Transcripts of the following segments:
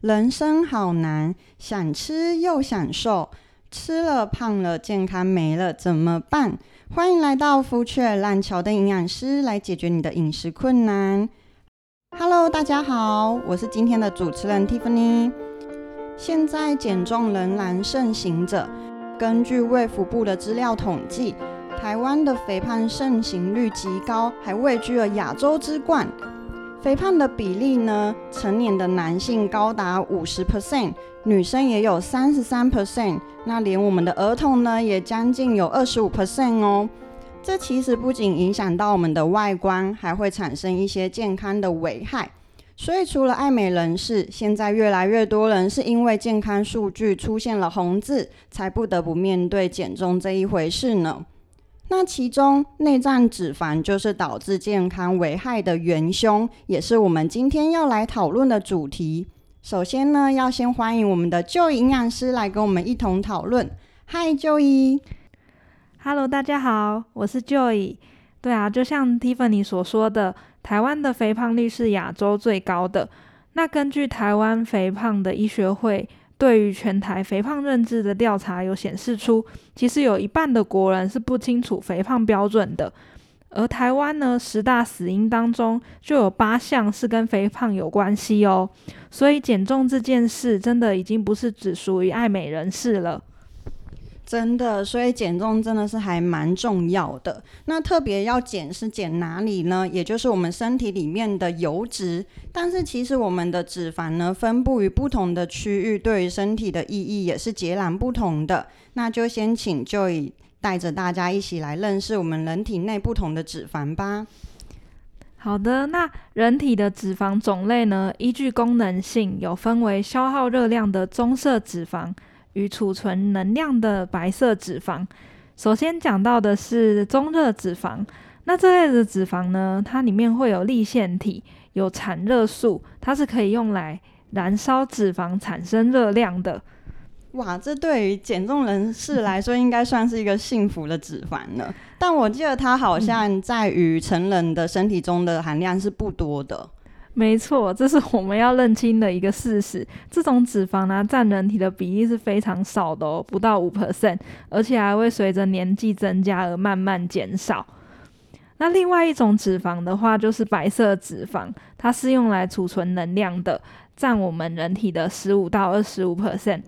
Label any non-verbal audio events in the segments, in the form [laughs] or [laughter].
人生好難，想吃又想瘦，吃了胖了，健康沒了，怎麼辦？歡迎來到福雀蘭喬的營養師，來解決你的飲食困難。Hello，大家好，我是今天的主持人 Tiffany。現在減重仍然盛行著，根據衛福部的資料統計，台灣的肥胖盛行率極高，還位居了亞洲之冠。肥胖的比例呢，成年的男性高達五十 percent，女生也有三十三 percent，那連我們的兒童呢，也將近有二十五 percent 哦。這其實不僅影響到我們的外觀，還會產生一些健康的危害。所以，除了愛美人士，現在越來越多人是因為健康數據出現了紅字，才不得不面對減重這一回事呢。那其中內臟脂肪就是導致健康危害的元凶，也是我們今天要來討論的主題。首先呢，要先歡迎我們的 Joy 營養師來跟我們一同討論。嗨，Joy，Hello，大家好，我是 Joy。對啊，就像 Tiffany 所說的，台灣的肥胖率是亞洲最高的。那根據台灣肥胖的醫學會。對於全台肥胖認知的調查有顯示出，其實有一半的國人是不清楚肥胖標準的。而台灣呢，十大死因當中就有八項是跟肥胖有關係哦。所以減重這件事真的已經不是只屬於愛美人士了。真的，所以減重真的是還蠻重要的。那特別要減是減哪裡呢？也就是我們身體裡面的油脂。但是其實我們的脂肪呢，分佈於不同的區域，對於身體的意義也是截然不同的。那就先請 Joy 帶着大家一起來認識我們人體內不同的脂肪吧。好的，那人體的脂肪種類呢，依據功能性，有分為消耗熱量的棕色脂肪。與儲存能量的白色脂肪，首先講到的是中熱脂肪。那這類的脂肪呢，它裡面會有粒線體，有產熱素，它是可以用來燃燒脂肪產生熱量的。哇，這對於減重人士來說，應該算是一個幸福的脂肪了。嗯、但我記得它好像在於成人的身體中的含量是不多的。沒錯，這是我們要認清的一個事實。這種脂肪呢啊，占人體的比例是非常少的哦，不到五 percent，而且還會隨着年紀增加而慢慢減少。那另外一種脂肪的話，就是白色脂肪，它是用來儲存能量的，占我們人體的十五到二十五 percent。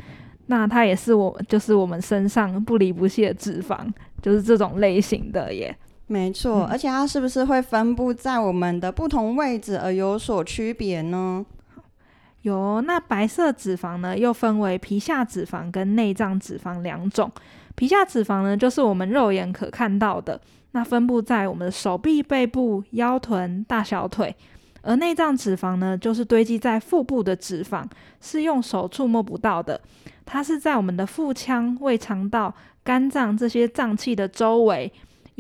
那它也是我，就是我們身上不離不棄的脂肪，就是這種類型的耶。沒錯，嗯、而且它是不是會分布在我們的不同位置而有所區別呢？有，那白色脂肪呢，又分為皮下脂肪跟內臟脂肪兩種。皮下脂肪呢，就是我們肉眼可看到的，那分布在我們的手臂、背部、腰臀、大小腿；而內臟脂肪呢，就是堆積在腹部的脂肪，是用手觸摸不到的。它是在我們的腹腔、胃腸道、肝臟這些臟器的周圍。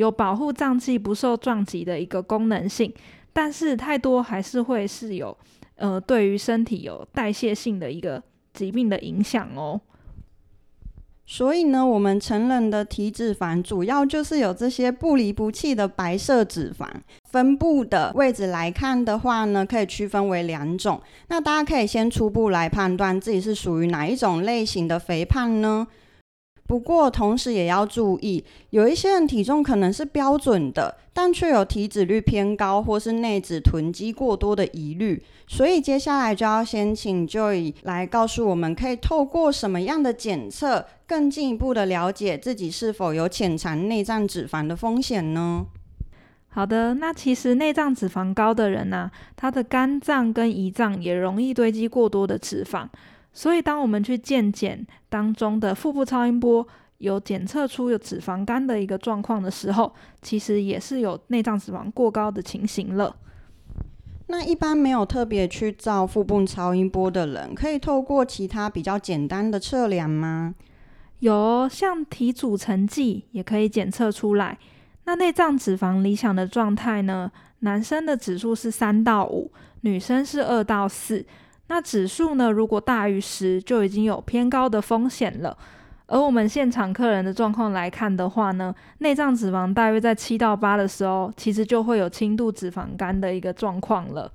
有保護臟器不受撞擊的一個功能性，但是太多還是會是有呃對於身體有代謝性的一個疾病的影響哦、喔。所以呢，我們成人的體脂肪主要就是有這些不離不棄的白色脂肪，分佈的位置來看的話呢，可以區分為兩種。那大家可以先初步來判斷自己是屬於哪一種類型的肥胖呢？不過，同時也要注意，有一些人體重可能是標準的，但卻有體脂率偏高或是內脂囤積過多的疑慮。所以，接下來就要先請 Joy 來告訴我們，可以透過什麼樣的檢測，更進一步的了解自己是否有潛藏內臟脂肪的風險呢？好的，那其實內臟脂肪高的人呢、啊，他的肝臟跟胰臟也容易堆積過多的脂肪。所以，當我們去健檢當中的腹部超音波有檢測出有脂肪肝的一個狀況的時候，其實也是有內臟脂肪過高的情形了。那一般沒有特別去照腹部超音波的人，可以透過其他比較簡單的測量嗎？有哦，像體組成計也可以檢測出來。那內臟脂肪理想的狀態呢？男生的指數是三到五，女生是二到四。那指數呢，如果大於十，就已經有偏高的風險了。而我們現場客人的狀況來看的話呢，內臟脂肪大約在七到八的時候，其實就會有輕度脂肪肝的一個狀況了。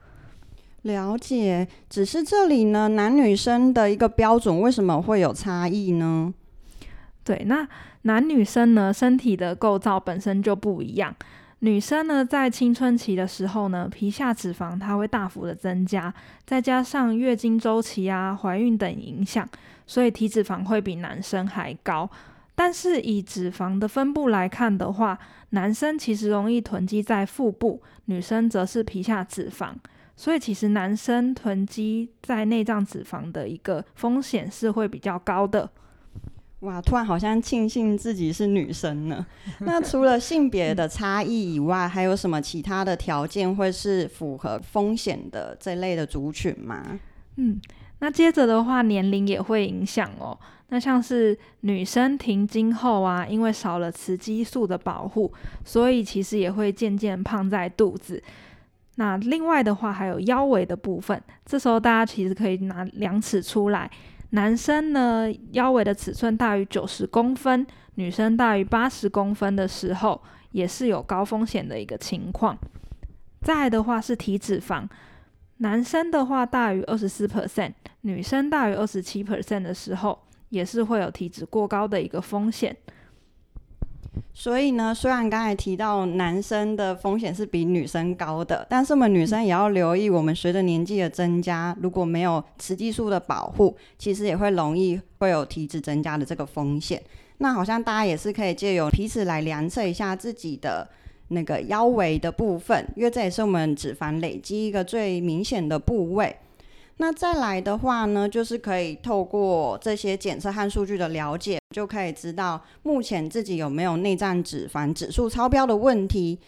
了解，只是這裡呢，男女生的一個標準為什麼會有差異呢？對，那男女生呢，身體的構造本身就不一樣。女生呢，在青春期的時候呢，皮下脂肪它會大幅的增加，再加上月經週期啊、懷孕等影響，所以體脂肪會比男生還高。但是以脂肪的分布來看的話，男生其實容易囤積在腹部，女生則是皮下脂肪。所以其實男生囤積在內臟脂肪的一個風險是會比較高的。哇，突然好像慶幸自己是女生呢。 [laughs] 那除了性別的差異以外，還有什麼其他的條件會是符合風險的這類的族群嗎？嗯，那接着的話，年齡也會影響哦、喔。那像是女生停經後啊，因為少了雌激素的保護，所以其實也會漸漸胖在肚子。那另外的話，還有腰圍的部分，這時候大家其實可以拿量尺出來。男生呢，腰圍的尺寸大於九十公分，女生大於八十公分的時候，也是有高風險的一個情況。再來的話是體脂肪，男生的話大於二十四 percent，女生大於二十七 percent 的時候，也是會有體脂過高的一個風險。所以呢，雖然剛才提到男生的風險是比女生高的，但是我們女生也要留意，我們隨着年紀的增加，嗯、如果沒有雌激素的保護，其實也會容易會有體脂增加的這個風險。那好像大家也是可以借由皮尺來量測一下自己的那個腰圍的部分，因為這也是我們的脂肪累積一個最明顯的部位。那再來的話呢，就是可以透過這些檢測和數據的了解，就可以知道目前自己有沒有內臟脂肪指數超標的問題。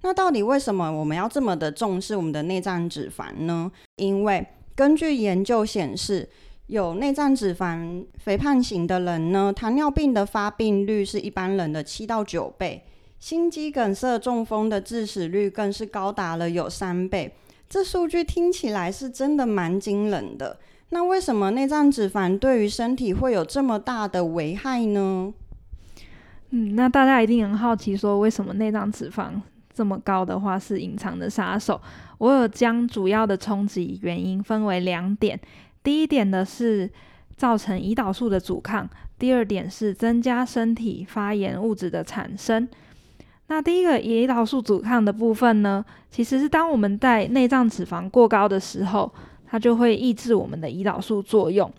那到底為什麼我們要這麼的重視我們的內臟脂肪呢？因為根據研究顯示，有內臟脂肪肥胖型的人呢，糖尿病的發病率是一般人的七到九倍，心肌梗塞、中風的致死率更是高達了有三倍。這數據聽起來是真的蠻驚人的。那為什麼內臟脂肪對於身體會有這麼大的危害呢？嗯，那大家一定很好奇，說為什麼內臟脂肪這麼高的話是隱藏的殺手。我有將主要的衝擊原因分為兩點：第一點的是造成胰島素的阻抗；第二點是增加身體發炎物質的產生。那第一個胰島素阻抗的部分呢，其實是當我們在內臟脂肪過高的時候，它就會抑制我們的胰島素作用。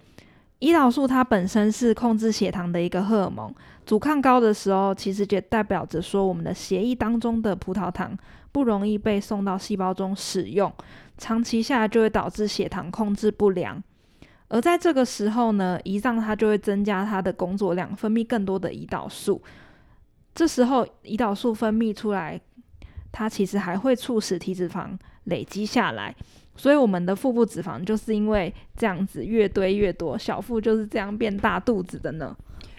胰島素它本身是控制血糖的一個荷爾蒙，阻抗高的時候，其實就代表着說我們的血液當中的葡萄糖不容易被送到細胞中使用，長期下來就會導致血糖控制不良。而在這個時候呢，胰臟它就會增加它的工作量，分泌更多的胰島素。這時候，胰島素分泌出來，它其實還會促使體脂肪累積下來，所以我們的腹部脂肪就是因為這樣子越堆越多，小腹就是這樣變大肚子的呢。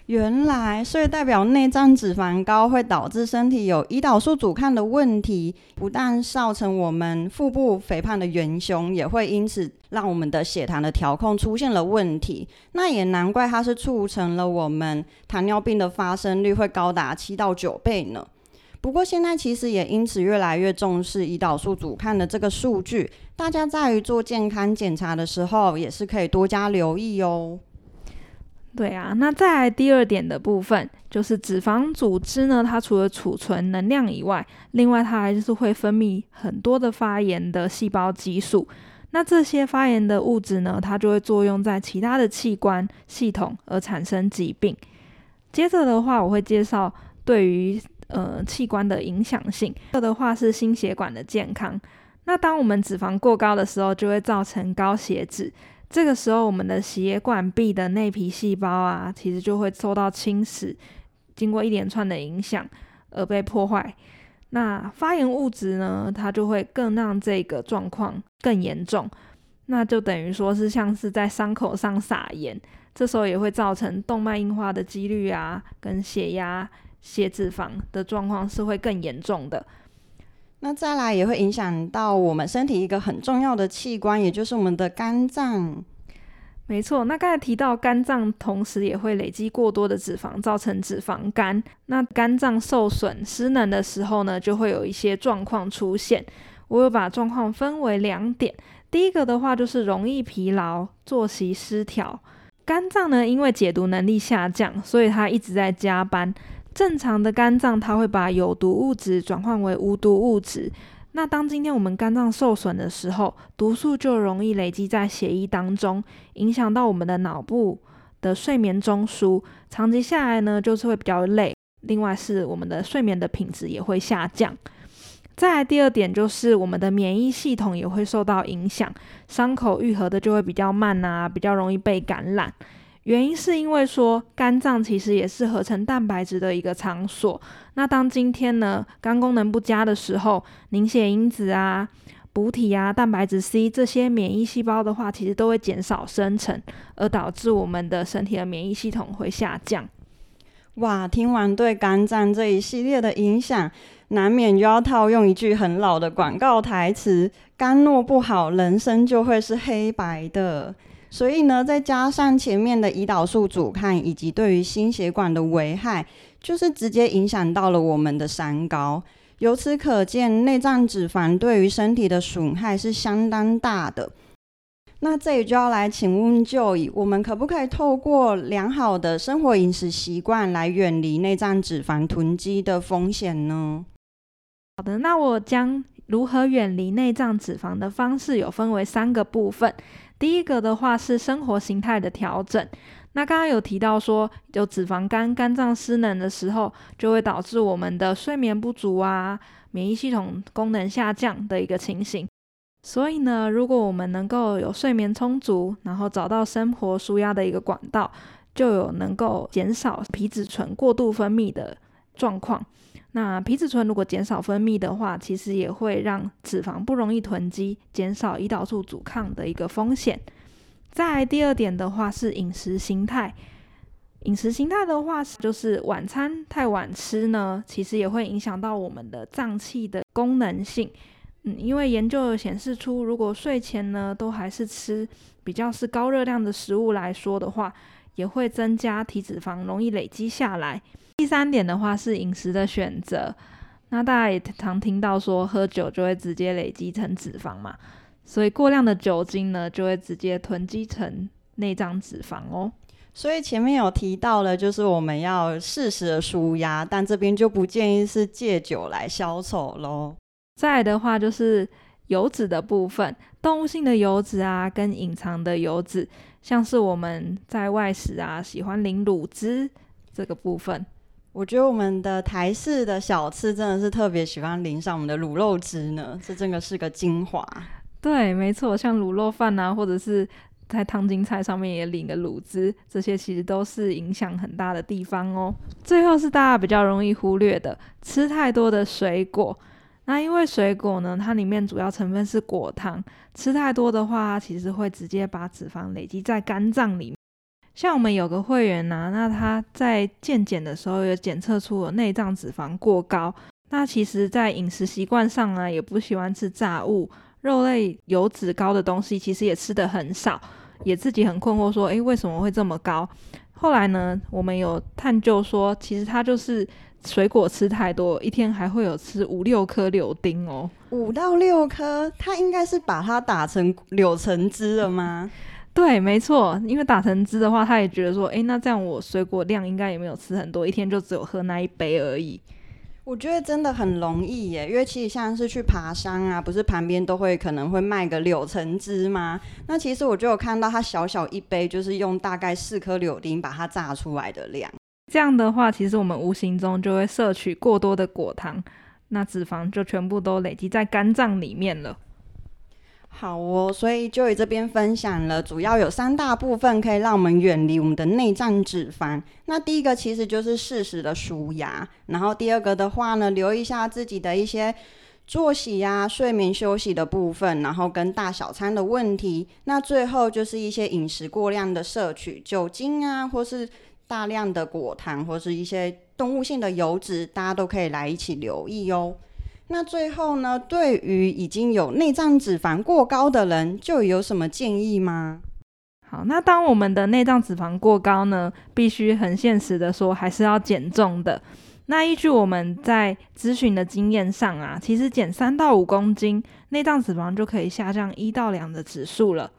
原來，所以代表內臟脂肪高會導致身體有胰島素阻抗的問題，不但造成我們腹部肥胖的元凶，也會因此讓我們的血糖的調控出現了問題。那也難怪它是促成了我們糖尿病的發生率會高達七到九倍呢。不過現在其實也因此越來越重視胰島素阻抗的這個數據，大家在於做健康檢查的時候也是可以多加留意哦。對啊，那再來第二點的部分，就是脂肪組織呢，它除了儲存能量以外，另外它還就是會分泌很多的發炎的細胞激素。那這些發炎的物質呢，它就會作用在其他的器官系統，而產生疾病。接着的話，我會介紹對於呃器官的影響性。這的話是心血管的健康。那當我們脂肪過高的時候，就會造成高血脂。這個時候，我們的血管壁的內皮細胞啊，其實就會受到侵蝕，經過一連串的影響而被破壞。那發炎物質呢，它就會更讓這個狀況更嚴重。那就等於說是像是在傷口上撒鹽，這時候也會造成動脈硬化的幾率啊，跟血壓、血脂肪的狀況是會更嚴重的。那再來也會影響到我們身體一個很重要的器官，也就是我們的肝臟。沒錯，那剛才提到肝臟，同時也會累積過多的脂肪，造成脂肪肝。那肝臟受損、失能的時候呢，就會有一些狀況出現。我有把狀況分為兩點，第一個的話就是容易疲勞、作息失調。肝臟呢，因為解毒能力下降，所以它一直在加班。正常的肝臟它會把有毒物質轉換為無毒物質，那當今天我們肝臟受損的時候，毒素就容易累積在血液當中，影響到我們的腦部的睡眠中樞，長期下來呢就是會比較累。另外是我們的睡眠的品質也會下降。再來第二點就是我們的免疫系統也會受到影響，傷口愈合的就會比較慢啊，比較容易被感染。原因是因為說肝臟其實也是合成蛋白質的一個場所。那當今天呢肝功能不佳的時候，凝血因子啊、補體啊、蛋白質 C 這些免疫細胞的話，其實都會減少生成，而導致我們的身體的免疫系統會下降。哇，聽完對肝臟這一系列的影響，難免就要套用一句很老的廣告台詞：肝若不好，人生就會是黑白的。所以呢，再加上前面的胰島素阻抗，以及對於心血管的危害，就是直接影響到了我們的三高。由此可見，內臟脂肪對於身體的損害是相當大的。那這裡就要來請問 Joey，我們可不可以透過良好的生活飲食習慣來遠離內臟脂肪囤積的風險呢？好的，那我將，如何遠離內臟脂肪的方式有分為三個部分，第一個的話是生活型態的調整。那剛剛有提到說，有脂肪肝、肝臟失能的時候，就會導致我們的睡眠不足啊，免疫系統功能下降的一個情形。所以呢，如果我們能夠有睡眠充足，然後找到生活紓壓的一個管道，就有能夠減少皮質醇過度分泌的狀況。那皮質醇如果減少分泌的話，其實也會讓脂肪不容易囤積，減少胰島素阻抗的一個風險。再來第二點的話是飲食形態，飲食形態的話是就是晚餐太晚吃呢，其實也會影響到我們的臟器的功能性。嗯，因為研究顯示出，如果睡前呢都還是吃比較是高熱量的食物來說的話，也會增加體脂肪容易累積下來。第三點的話是飲食的選擇，那大家也常聽到說，喝酒就會直接累積成脂肪嘛，所以過量的酒精呢就會直接囤積成內臟脂肪哦。所以前面有提到了，就是我們要適時的舒壓，但這邊就不建議是借酒來消愁咯。再來的話就是油脂的部分，動物性的油脂啊，跟隱藏的油脂，像是我們在外食啊，喜歡淋滷汁這個部分。我覺得我們的台式的小吃真的是特別喜歡淋上我們的滷肉汁呢，這真的是個精華。對，沒錯，像滷肉飯啊，或者是在燙青菜上面也淋個滷汁，這些其實都是影響很大的地方哦。最後是大家比較容易忽略的，吃太多的水果。那因為水果呢，它裡面主要成分是果糖，吃太多的話，其實會直接把脂肪累積在肝臟裡面。像我們有個會員吶，那他在健檢的時候有檢測出了內臟脂肪過高。那其實，在飲食習慣上呢，也不喜歡吃炸物、肉類油脂高的東西，其實也吃的很少，也自己很困惑說，哎，為什麼會這麼高？後來呢，我們有探究說，其實他就是水果吃太多，一天還會有吃五六顆柳丁哦，五到六顆，他應該是把它打成柳橙汁了嗎？嗯對，沒錯，因為打成汁的話，他也覺得說，誒，那這樣我水果量應該也沒有吃很多，一天就只有喝那一杯而已。我覺得真的很容易耶，因為其實像是去爬山啊，不是旁邊都會可能會賣個柳橙汁嗎？那其實我就有看到，它小小一杯就是用大概四顆柳丁把它榨出來的量。這樣的話，其實我們無形中就會攝取過多的果糖，那脂肪就全部都累積在肝臟裡面了。好哦，所以 Joy 這邊分享了，主要有三大部分可以讓我們遠離我們的內臟脂肪。那第一個其實就是適時的刷牙，然後第二個的話呢，留意一下自己的一些作息呀、啊、睡眠休息的部分，然後跟大小餐的問題。那最後就是一些飲食過量的攝取酒精啊，或是大量的果糖，或是一些動物性的油脂，大家都可以來一起留意喲、哦。那最後呢？對於已經有內臟脂肪過高的人，就有什麼建議嗎？好，那當我們的內臟脂肪過高呢，必須很現實的說，還是要減重的。那依據我們在諮詢的經驗上啊，其實減三到五公斤，內臟脂肪就可以下降一到兩的指數了。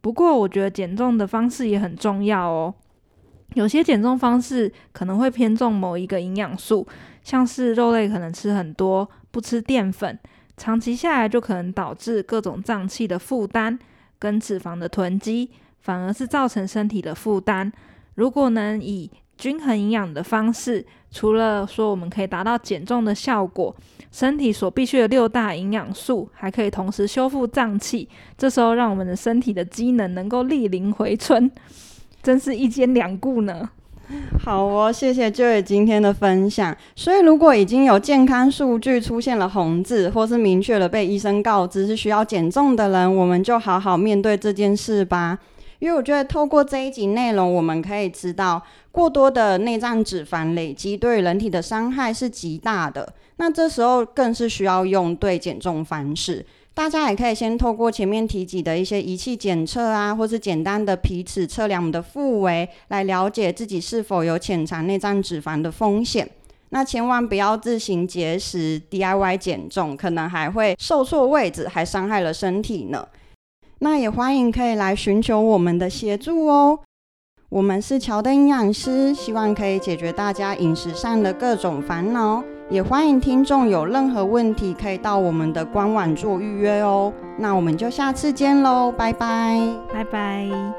不過，我覺得減重的方式也很重要哦。有些減重方式可能會偏重某一個營養素，像是肉類可能吃很多，不吃澱粉，長期下來就可能導致各種臟器的負擔跟脂肪的囤積，反而是造成身體的負擔。如果能以均衡營養的方式，除了說我們可以達到減重的效果，身體所必需的六大營養素還可以同時修復臟器，這時候讓我們的身體的機能能夠逆齡回春。真是一兼兩顧呢。好哦，謝謝這位今天的分享。所以，如果已經有健康數據出現了紅字，或是明確了被醫生告知是需要減重的人，我們就好好面對這件事吧。因為我覺得，透過這一集內容，我們可以知道，過多的內臟脂肪累積對人體的傷害是極大的。那這時候，更是需要用對減重方式。大家也可以先透過前面提及的一些儀器檢測啊，或是簡單的皮尺測量我們的腹圍，來了解自己是否有潛藏內臟脂肪的風險。那千萬不要自行節食 DIY 減重，可能還會瘦錯位置，還傷害了身體呢。那也歡迎可以來尋求我們的協助哦。我們是喬登營養師，希望可以解決大家飲食上的各種煩惱。也歡迎聽眾有任何問題，可以到我們的官網做預約哦。那我們就下次見嘍，拜拜，拜拜。